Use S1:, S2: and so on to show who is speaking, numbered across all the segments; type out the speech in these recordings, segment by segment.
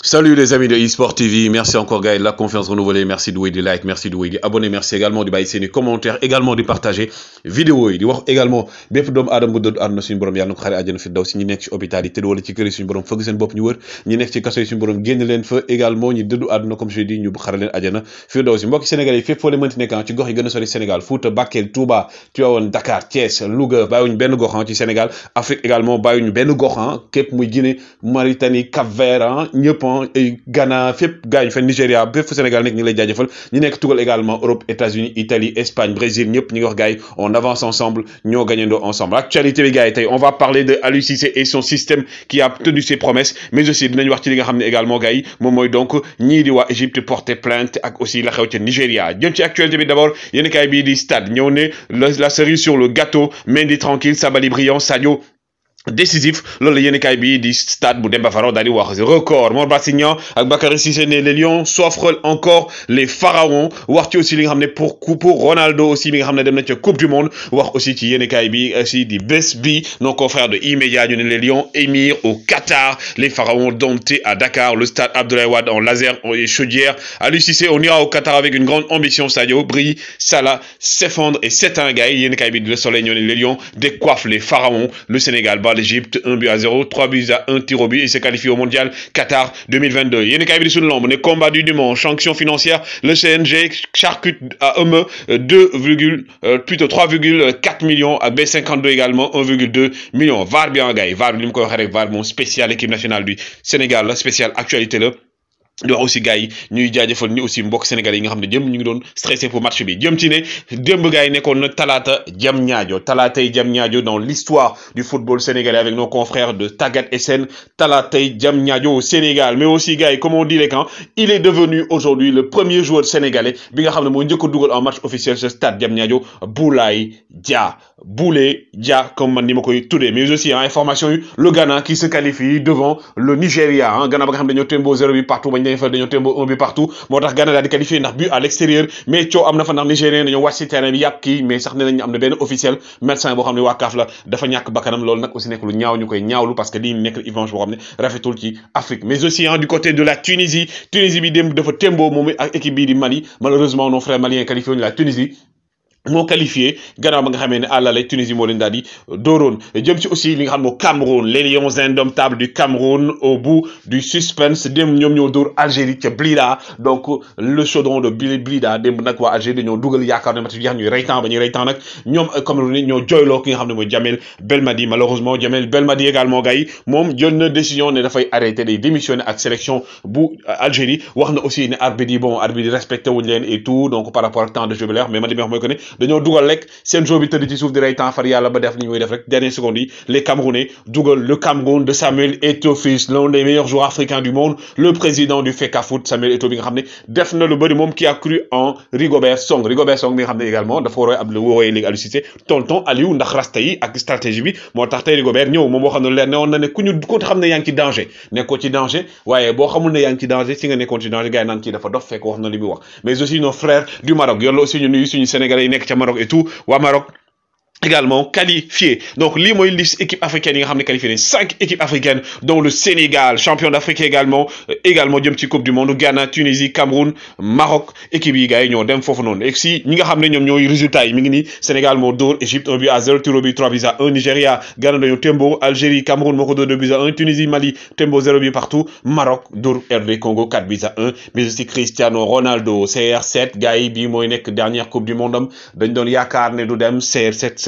S1: Salut les amis de e-Sport TV, merci encore Gaël, la confiance renouvelée, merci de des likes, merci de des abonnés, merci également de baisser les commentaires, également de partager vidéo yi di wax également bépp doomu aadama bu dëdd àdduna suñu borom yàlla na ko xare àjjana fi daw si ñi nekk ci hôpital yi tëdd wala ci kër yi suñu borom fëgg seen bopp ñu wër ñi nekk ci kaso yi suñu borom génn leen fa également ñi dëddu àdduna comme je dis ñu xare leen àjjana fi daw si mbokki Sénégal yi fépp foo leen mënti nekk ah, ci gox yi gën a sori Sénégal Fouta Bakel Touba Tivaouane Dakar Thiès Louga bàyyiwuñu benn gox ah, ci Sénégal Afrique également bàyyiwuñu benn gox ah, képp muy Guinée Mauritanie Cap Vert et Ghana fait gars fait Nigeria. Nigéria fépp Sénégal nekk ñu lay jajeufal ñu nek tugal également Europe États-Unis Italie Espagne Brésil ñëpp ñi wax gars on avance ensemble ñoo gagnandoo ensemble actualité bi gars yi on va parler de Aliou et son système qui a tenu ses promesses mais aussi dinañ wax ci li nga xamné également gay mom moy donc ñi di wa Égypte porter plainte ak aussi la xew ci Nigéria jëm ci actualité bi d'abord yene kay bi di stade ñew ne la série sur le gâteau Mendy tranquille Sabali brillant Sadio décisif loolu yéen kay bi di stade bu Demba faro voir wax record Mor Bassignan ak Bakary Cissé les Lions s'offrent encore les pharaons wax aussi li nga pour pour Ronaldo aussi mi nga xamné coupe du monde wax aussi ci yéen kay bi aussi di best bi nos de immédiat les Lions Émir au Qatar les pharaons domptés à Dakar le stade Abdoulaye Wad en laser et chaudière Aliou Cissé on ira au Qatar avec une grande ambition Sadio brille Salah s'effondre et c'est un gars kay bi Le Soleil les Lions décoiffent les pharaons le Sénégal bat l'Égypte 1 but à 0 3 buts à 1 tir au et s'est qualifié au mondial Qatar 2022 Yannick kaay bi combat du dimanche Sanctions financière le CNG charcute à homme 2 euh, euh, plutôt 3,4 millions à B52 également 1,2 millions. VAR bien VAR VAR spécial équipe nationale du Sénégal spécial actualité là di wax aussi gars yi ñuy jaajëfal ñu aussi mbokk sénégalais yi nga xam jëm ñu ngi doon stressé pour match bi jëm ci né demb gars yi na Talata talaata jam ñaajo jam ñaajo dans l'histoire du football sénégalais avec nos confrères de Tagat SN Talata jam ñaajo au Sénégal mais aussi gars yi comme on dit les camps il est devenu aujourd'hui le premier joueur sénégalais bi nga xam mo moo njëkk a en match officiel ce stade jam ñaajo Boulaye Dia Boulé Dia, comme Nimoko Touré, mais aussi en hein, information, le Ghana qui se qualifie devant le Nigeria. Hein. Ghana, par exemple, tembo 0 but partout, mais faire de tembo 1 but partout. Bon, Ghana a qualifié un but à l'extérieur, mais Tio amna fan dans Nigérien, nous avons terrain bi yap ki, mais sax nañ amna ben officiel médecin bo xamné wa kaf la dafa ñak bakanam lool nak aussi nek lu ñaaw ñukoy ñaawlu parce que li nek revanche bo xamné rafetul ci Afrique. Mais aussi hein, du côté de la Tunisie, Tunisie bi dem dafa tembo mom ak équipe bi di Mali. Malheureusement, nos frères maliens qualifient la Tunisie mo qualifié gannaaw ba nga xamee ne àllale Tunisie mo leen daal di jëm ci aussi li nga xam mo Cameroun les lions indomptables du Cameroun au bout du suspense dem ñom ñoo dóor Algérie ca Blida donc le chaudron de Blida dem nak wa Algérie dañoo dugal yaakaar ne match bi jeex ñuy temps ba ñu rey temps nag ñoom euh, Cameroun yi ñoo jooyloo ki nga xam ne mooy Jamel Belmadi malheureusement Jamel Belmadi également gars yi moom jël na décision ne fay arrêter day démissionner ak sélection bu euh, Algérie wax na aussi ne arbitre yi bon arbitre respecté wuñ leen et tout donc par rapport au temps de jeu mais ma li wax moy dañoo dugal rek seen jeu bi tëdd ci suuf di rey temps far yàlla ba def ni ñuy def rek dernière seconde yi les Camerounais dugal le Cameroun de Samuel Eto'o fils l'un des meilleurs joueurs africains du monde le président du FECAFOOT Samuel Eto'o bi nga xam ne def na lu bëri moom qui a cru en Rigobert Song Rigobert Song bi nga xam ne également dafa war a ab wooyee léegi Aliou Cissé tonton Aliou ndax rasta yi ak stratégie bi moo tax tey Rigobert ñëw moom boo xam ne leer newoon na ne ku ñu ko xam ne yaa ngi ci danger nekkoo ci danger waaye boo xamul ne yaa ngi ci danger si nga nekkoon ci danger gars yi naan kii dafa dof fekk wax na li muy wax mais aussi nos frères du Maroc yoon aussi ñu nuyu suñu sénégalais yi nek ca Maroc et tout wa Maroc également qualifié. Donc, les liste équipe africaine, il y a qualifié cinq équipes africaines, dont le Sénégal, champion d'Afrique également, euh, également d'une petite Coupe du Monde, Ghana, Tunisie, Cameroun, Maroc, équipe qui gagne, nous avons fait non. Et si, nous avons les résultats, mingini, Sénégal, Mordor, Égypte, 1 but à 0, Turobi, 3 buts à 1, Nigeria, Ghana, nous Tembo, Algérie, Cameroun, Mokodo 2 buts à 1, Tunisie, Mali, Tembo, 0 buts partout, Maroc, Dour, Hervé Congo, 4 buts à 1, mais aussi Cristiano Ronaldo, CR7, Gaï, Bimoinek, dernière Coupe du Monde, Ben Don Nedodem, CR7,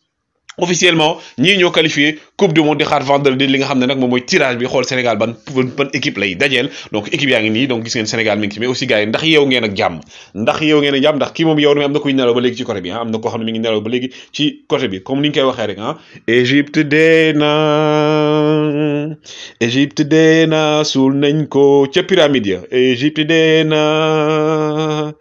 S1: officiellement ñi ñoo qualifié coupe du monde di xaar vendredi li nga xam ne nag moom mooy tirage bi xool Sénégal ban ban équipe lay dajeel donc équipe yaa ngi nii donc gis ngeen Sénégal mi ngi mais aussi gars yi ndax yeewu ngeen ak jàmm ndax yeewu ngeen ak jàmm ndax kii moom yow na am na kuy nelaw ba léegi ci côté bi ah am na koo xam ne mi ngi nelaw ba léegi ci côté bi comme ni ñu koy waxee rek ah Égypte dee na Égypte dee na suul nañ ko ca pyramide ya Égypte dee na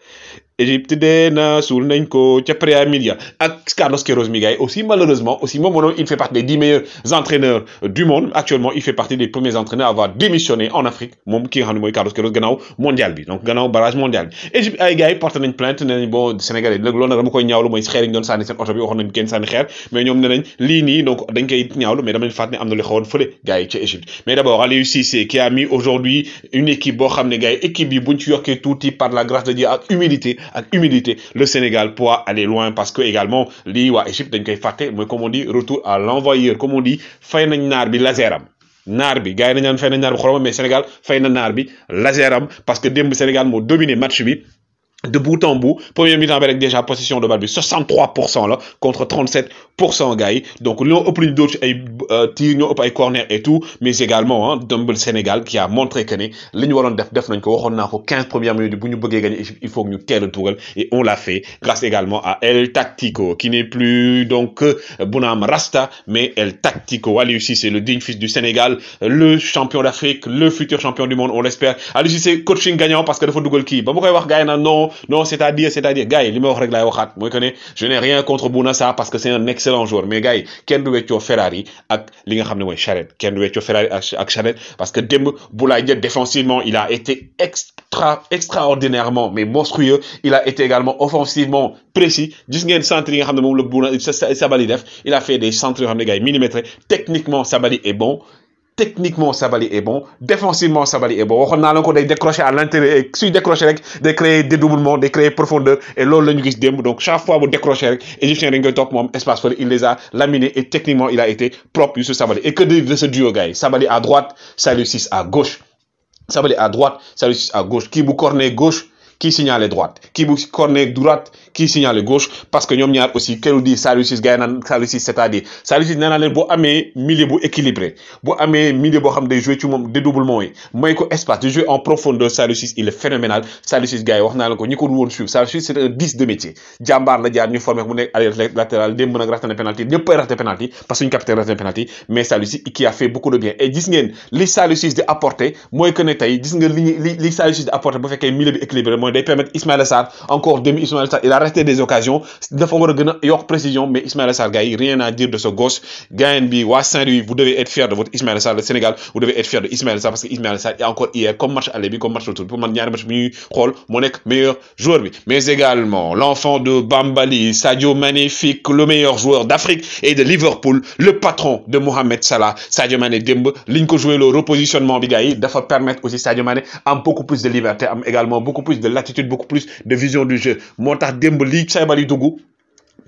S1: Égypte dena suul nañ ko ca Premier ak Carlos Queiroz migay. aussi malheureusement aussi moom mooy il fait partie des dix meilleurs entraîneurs du monde actuellement il fait partie des premiers entraîneurs à avoir démissionné en Afrique Mom ki nga Carlos Queiroz gannaaw mondial bi donc gannaaw barrage mondial Égypte ay gars yi porté nañ plainte nee nañ bon Sénégalais Le loolu nag dama koy ñaawlu mooy xeer yi ñu doon sànni seen oto bi waxoon nañ kenn sànni xeer mais ñoom nee nañ lii donc dañ koy ñaawlu mais dama leen fàttali ne am na lu xewoon fële gars Égypte mais d'abord, abord Aliou Cissé qui a mis aujourd'hui une équipe boo xam ne équipe yi buñ ci yokkee tuuti par la grâce de Dieu humilité avec humilité le Sénégal pourra aller loin parce que également liwa Égypte dañ koy comme on dit retour à l'envoyeur comme on dit fay un naar bi laseram naar bi gars yi nañ naan mais Sénégal parce que le Sénégal va dominé match bi de bout en bout. Premier mi-temps avec déjà possession de balle de 63% là contre 37% gars donc non plus plus d'autres et ay euh, tir corner et tout mais également hein, Dumble Sénégal qui a montré que est les ñu def def 15 premières minutes pour gagner il faut que ñu teel le et on l'a fait grâce également à El Tactico qui n'est plus donc Bounam Rasta mais El Tactico aussi c'est le digne fils du Sénégal le champion d'Afrique le futur champion du monde on l'espère allez ici c'est coaching gagnant parce que dafa football qui ba on va wax gars non c'est-à-dire c'est-à-dire gars il ma wax je n'ai rien contre Bounassa parce que c'est un excellent joueur mais gars Quel doit du Ferrari Avec li nga Charette, ne mooy charrette Ferrari avec charrette parce que Dembou défensivement il a été extra extraordinairement mais monstrueux il a été également offensivement précis il a fait des centres millimétrés techniquement Sabali est bon techniquement Sabali est bon défensivement Sabali est bon On a décroché à day à l'intérieur et suy décrocher des day des dédoublement des créer profondeur et là lañu ñu gis donc chaque fois bu décrocher rek égyptien dañ koy topp moom espace il les a laminés et techniquement il a été propre sur Sabali et que dire de ce duo gars Sabali à droite Saliou 6 à gauche Sabali à droite Saliou 6 à gauche Qui vous gauche. Qui signale droite qui bu corner droite qui signale gauche parce que ñoom ñaar aussi kenn di Saliou Ciss gars yi naan c'est-à-dire Saliou Ciss nee naa leen milieu bu équilibré boo amee milieu boo xam day joué ci moom dédoublement yi may ko espace di jouer en profondeur Saliou il est phénoménal Saliou Ciss gars yi wax naa leen ko suivre Saliou c'est un 10 de métier jàmbaar la jaar ñu formé mu nekk arrière latéral démb nag raté na penalty ñëpp ay raté penalty parce que suñu capitaine raté penalty mais Saliou qui a fait beaucoup de bien et gis ngeen li Saliou Ciss di apporté mooy que ne tey gis nga li li Saliou Ciss di un bu milieu bi équilibré de permettre Ismaël Sarr encore demi ismaël Sarr il a resté des occasions il faut a précision mais Ismaël Sarr gars rien à dire de ce gosse, gagne bi wa Saint-Louis vous devez être fier de votre Ismaël Sarr le Sénégal vous devez être fier de Ismaël Sarr parce que Ismaïla est encore hier comme match aller bi comme match retour pour man ñaar match bi ñuy xol mon nek meilleur joueur mais également l'enfant de Bambali Sadio magnifique le meilleur joueur d'Afrique et de Liverpool le patron de Mohamed Salah Sadio Mané Dembe liñ ko joué le repositionnement bi gars il dafa permettre aussi Sadio Mané beaucoup plus de liberté également beaucoup plus de attitude beaucoup plus de vision du jeu moo tax li lii Saybal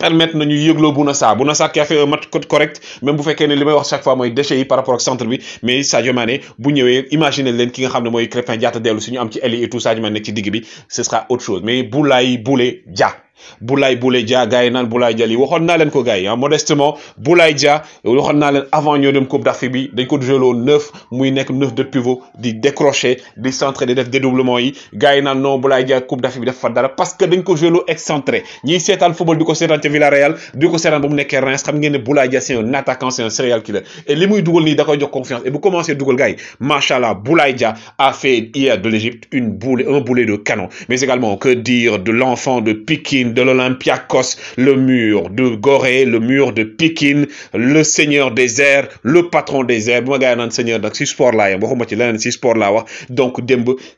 S1: permettre nañu yeglo Bouna Sa Bouna Sa qui a fait un match correct même bu fekkee ne li wax chaque fois moy déchet yi par rapport au centre bi mais Sadio Mané bu ñëwé imaginer leen ki nga xamné moy Crépin Diatta dellu suñu am ci aile et tout Sadio Mané ci digg bi ce sera autre chose mais boulay Boulé Dia Boulaye Boulaye Dia gars Boulay naan waxon Dia lii ko gars yi ah, modestement Boulay Dia waxon naa avant ñu dem Coupe d'Afrique bi dañ ko jëloo neuf muy nek neuf de pivot di décrocher di centrer di def dédoublement yi gars yi non Boulay Dia Coupe d'Afrique bi def fa dara parce que dañ ko jëloo excentré ñi sétal football di ko seetaan ca Villarreal di ko seetaan ba mu nek Reims xam ngeen ne Boulaye Dia c'est un attaquant c'est un serial killer et li muy dougal ni da koy jox confiance et bu commencé dugal gars yi machallah Boulay Dia a fait hier de l'Égypte une boule un boulet de canon mais également que dire de l'enfant de Pikin de l'Olympiakos, le mur de Gorée, le mur de Pékin, le seigneur des airs, le patron des airs. seigneur sport donc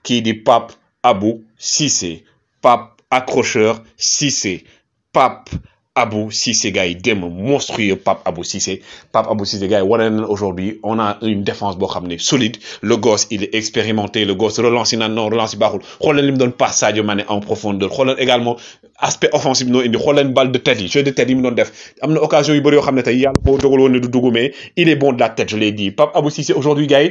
S1: qui dit Pape Abou Cissé Pape accrocheur Cissé Pape Abou gars, Gaï, game monstrueux, Pape Abou Sissé. Pape Abou Sissé, Gaï, aujourd'hui, on a une défense solide. Le gosse, il est expérimenté. Le gosse relance non, relance Baroul. Roland me donne pas Sadio Mané en profondeur. Roland également, aspect offensif, non, il Roland balle de tête. Jeu de tête, il me donne def. Amna occasion, il y a il est bon de la tête, je l'ai dit. Pape Abou Sissé, aujourd'hui, gars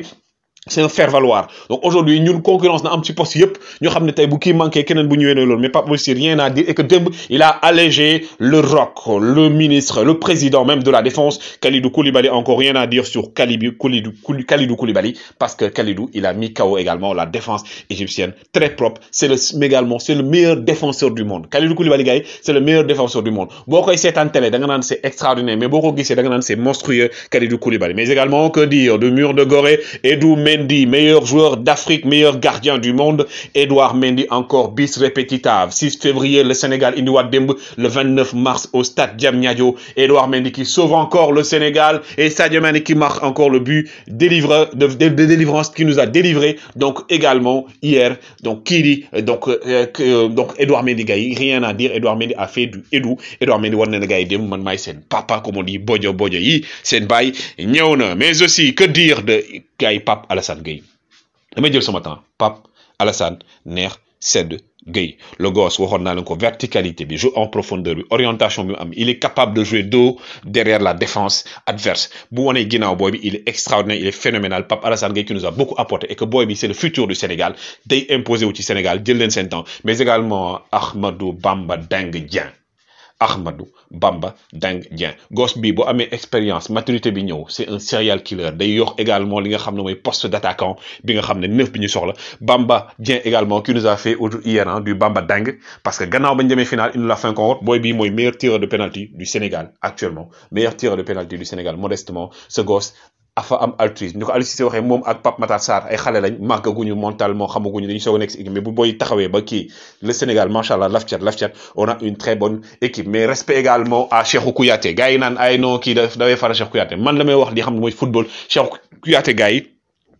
S1: c'est un faire valoir donc aujourd'hui une concurrence na am ci poste un petit poste ne tey bu kii manqué keneen bu mais pas aussi rien à dire et que démb il a allégé le roc le ministre le président même de la défense Khalidou Koulibaly encore rien à dire sur Khalidou Koulibaly parce que Khalidou il a mis KO également la défense égyptienne très propre c'est le également c'est le meilleur défenseur du monde Khalidou Koulibaly c'est le meilleur défenseur du monde beaucoup koy télé c'est extraordinaire mais beaucoup ko c'est monstrueux Khalidou Koulibaly mais également que dire de Mur de Gorée et Doumbé Mendy, meilleur joueur d'Afrique, meilleur gardien du monde. Edouard Mendy, encore bis répétitive 6 février, le Sénégal, Le 29 mars, au stade Nyayo. Edouard Mendy qui sauve encore le Sénégal. Et Sadio qui marque encore le but de, délivrance qui nous a délivré. Donc, également, hier. Donc, dit donc, euh, euh, donc, Edouard Mendy rien à dire. Edouard Mendy a fait du Edu Edouard Mendy, Papa, comme on dit, Bojo Bojo Mais aussi, que dire de Gaï à la Alassane Gueye damay jël temps Pape Alassane Nair Sed Gay. le gosse verticalité bi jeu en profondeur bi orientation il est capable de jouer dos derrière la défense adverse bu il est extraordinaire il est phénoménal Pape Alassane Gueye qui nous a beaucoup apporté et que boy c'est le futur du Sénégal day imposé au Sénégal jël len mais également Ahmadou Bamba dingue, Ahmadou Bamba Dang Dien. gosse bibo a mes expérience maturité bi c'est un serial killer day également li nga xamné moy poste d'attaquant bi nga xamné neuf bi Bamba Dien également qui nous a fait aujourd'hui, hier hein, du Bamba Dang parce que gannaaw bañ Final, finale il nous l'a fait encore Boy bi meilleur tireur de penalty du Sénégal actuellement meilleur tireur de penalty du Sénégal modestement ce gosse afa am altruisme ni ko Aliou Cissé waxee moom ak Pap Matar sar ay xalé lañ màggaguñu mentalement xamaguñu dañu soog a nekk équipe mais bu boy taxawee ba ki le Sénégal MashaAllah, allah laf on a une très bonne équipe mais respect également à Cheikhou Kouyaté gars yi ay no ki da dawee fara Cheikhou Kouyaté man la wax di xam moy football Cheikhou Kouyaté gars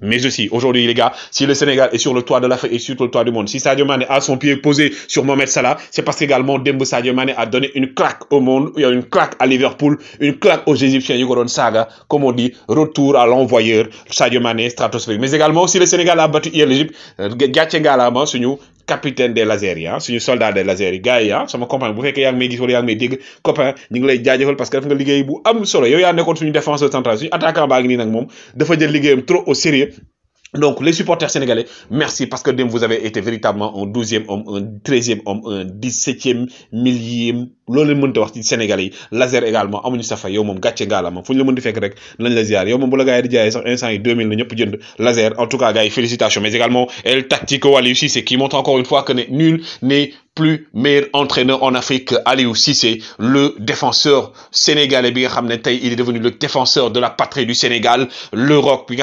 S1: Mais aussi, aujourd'hui, les gars, si le Sénégal est sur le toit de l'Afrique et sur le toit du monde, si Sadio Mane a son pied posé sur Mohamed Salah, c'est parce qu'également Dembo Sadio Mane a donné une claque au monde, il y a une claque à Liverpool, une claque aux Égyptiens, comme on dit, retour à l'envoyeur Sadio Mane stratosphérique. Mais également, si le Sénégal a battu hier l'Égypte, euh, Gatien Galama, capitaine des lasers yi ah suñu soldat des lasers yi gars yi ah sama copain bu fekkee yaa ngi may gis wala yaa ngi may dégg copain ñu ngi lay jaajëfal parce que def nga liggéey bu am solo yow yaa nekkoon suñu défenseur central suñu attaquant baa ngi nii nag moom dafa jël liggéeyam trop au sérieux Donc, les supporters sénégalais, merci parce que vous avez été véritablement un 12e homme, un 13e homme, un 17e, millième. loolu leen mënta wax ci sénégalais laser également amuñu safa yow mom, gàcce gala, moom fu ñu la mën di fekk rek nañ la ziar yow moom bu la di jaayee sax instant yi 2000 la jënd laser en tout cas félicitations mais également el tactique aussi, C'est qui montre encore une fois que nul n'est plus meilleur entraîneur en Afrique Aliou Cissé le défenseur sénégalais il est devenu le défenseur de la patrie du Sénégal le roc bi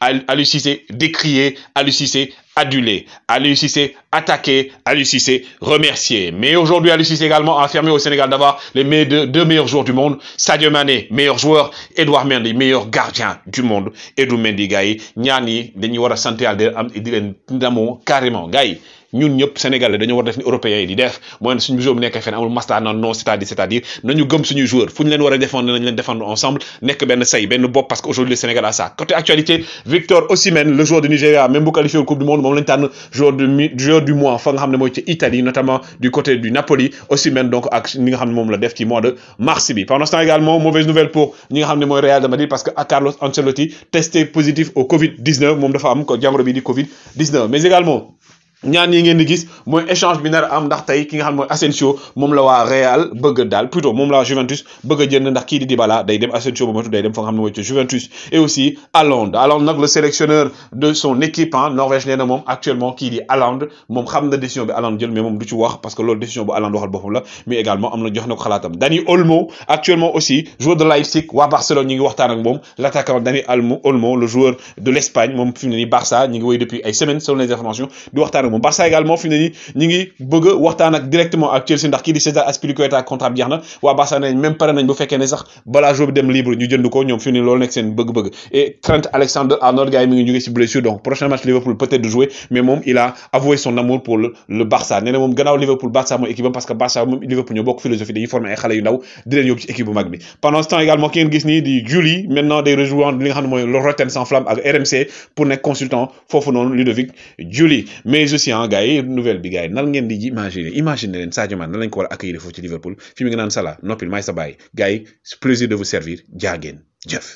S1: Aliou Cissé décrié Aliou Cissé adulé Aliou Cissé attaqué Aliou Cissé remercié mais aujourd'hui Aliou Cissé également a affirmé au Sénégal d'avoir les deux, meilleurs joueurs du monde Sadio Mané meilleur joueur Edouard Mendy meilleur gardien du monde Edou Mendy Gaï, Niani, Santé, dañuy Alder, carrément Gaï, ñun ñëpp sénégalais dañu war def ni européens yi di def mooy ne suñu joueur bu nekkee fenn amul masta non non c'est-à-dire c'est-à-dire nañu gëm suñu joueur fu leen war a défendre nañ leen défendre ensemble nekk benn say benn bopp parce que aujourd'hui le Sénégal a ça côté actualité Victor Osimhen le joueur du Nigeria même bu qualifié coupe du monde moom lañ tànn joueur du joueur du mois fa nga xam ne mooy ci Italie notamment du côté du Napoli Osimhen donc ak ñi nga xam ne moom la def ci mois de mars bi pendant ce temps également mauvaise nouvelle pour ñi nga xam ne Real de Madrid parce que Carlos Ancelotti testé positif au Covid 19 moom dafa am un bi di Covid 19 mais également ñaan yi ngeen di gis mooy échange bi nar am ndax tey ki nga xam mooy Asensio moom la waa Real bëgg daal plutôt moom la Juventus bëgg a jënd ndax kii di Dybala day dem Asensio ba matu day dem fa nga xam ne Juventus et aussi Haaland Allende nag le sélectionneur de son équipe ah Norvège nee na moom actuellement kii di Haaland moom xam décision bi Haaland jël mais moom du ci wax parce que loolu décision bu Haaland waxal boppam la mais également am na jox na ko Dani Olmo actuellement aussi joueur de Leipzig waa Barcelone ñi ngi waxtaan ak moom l'attaquant Dani Olmo le joueur de l'Espagne moom fi mu Barça ñi ngi woy depuis ay semaines selon les informations di waxtaan moom Barça également fi mu ne nii ngi bëgg waxtaan ak directement ak Chelsea ndax ki di César Azpilicueta contrat bi jeex na Barça nañ même paré nañ bu fekkee né sax balaa jour dem libre ñu jënd ko ñom fini mu nek loolu seen bëgg-bëgg et Trent Alexander-Arnold gars yi mi ngi jogé ci blessure donc prochain match Liverpool peut-être de jouer mais mom il a avoué son amour pour le Barça nee mom gannaaw Liverpool Barça mo équipe parce que Barça mom Liverpool ñoo bokk philosophie dañuy former ay xalé yu ndaw di leen yóbbu ci équipe bu mag bi pendant ce temps également ki ngeen gis ni di Juli maintenant des rejoindre li nga xam ne le Rotten sans flamme ak RMC pour nek consultant fofu non Ludovic Juli mais si ah gars yi nouvelle bi gars yi nan ngeen di imaginer imaginer leen Sadio Mané nan lañ ko war a accueillir foofu ci Liverpool fi mu ngi naan Salah noppil maay sa bàyyi gars plaisir de vous servir jaa ngeen jëf.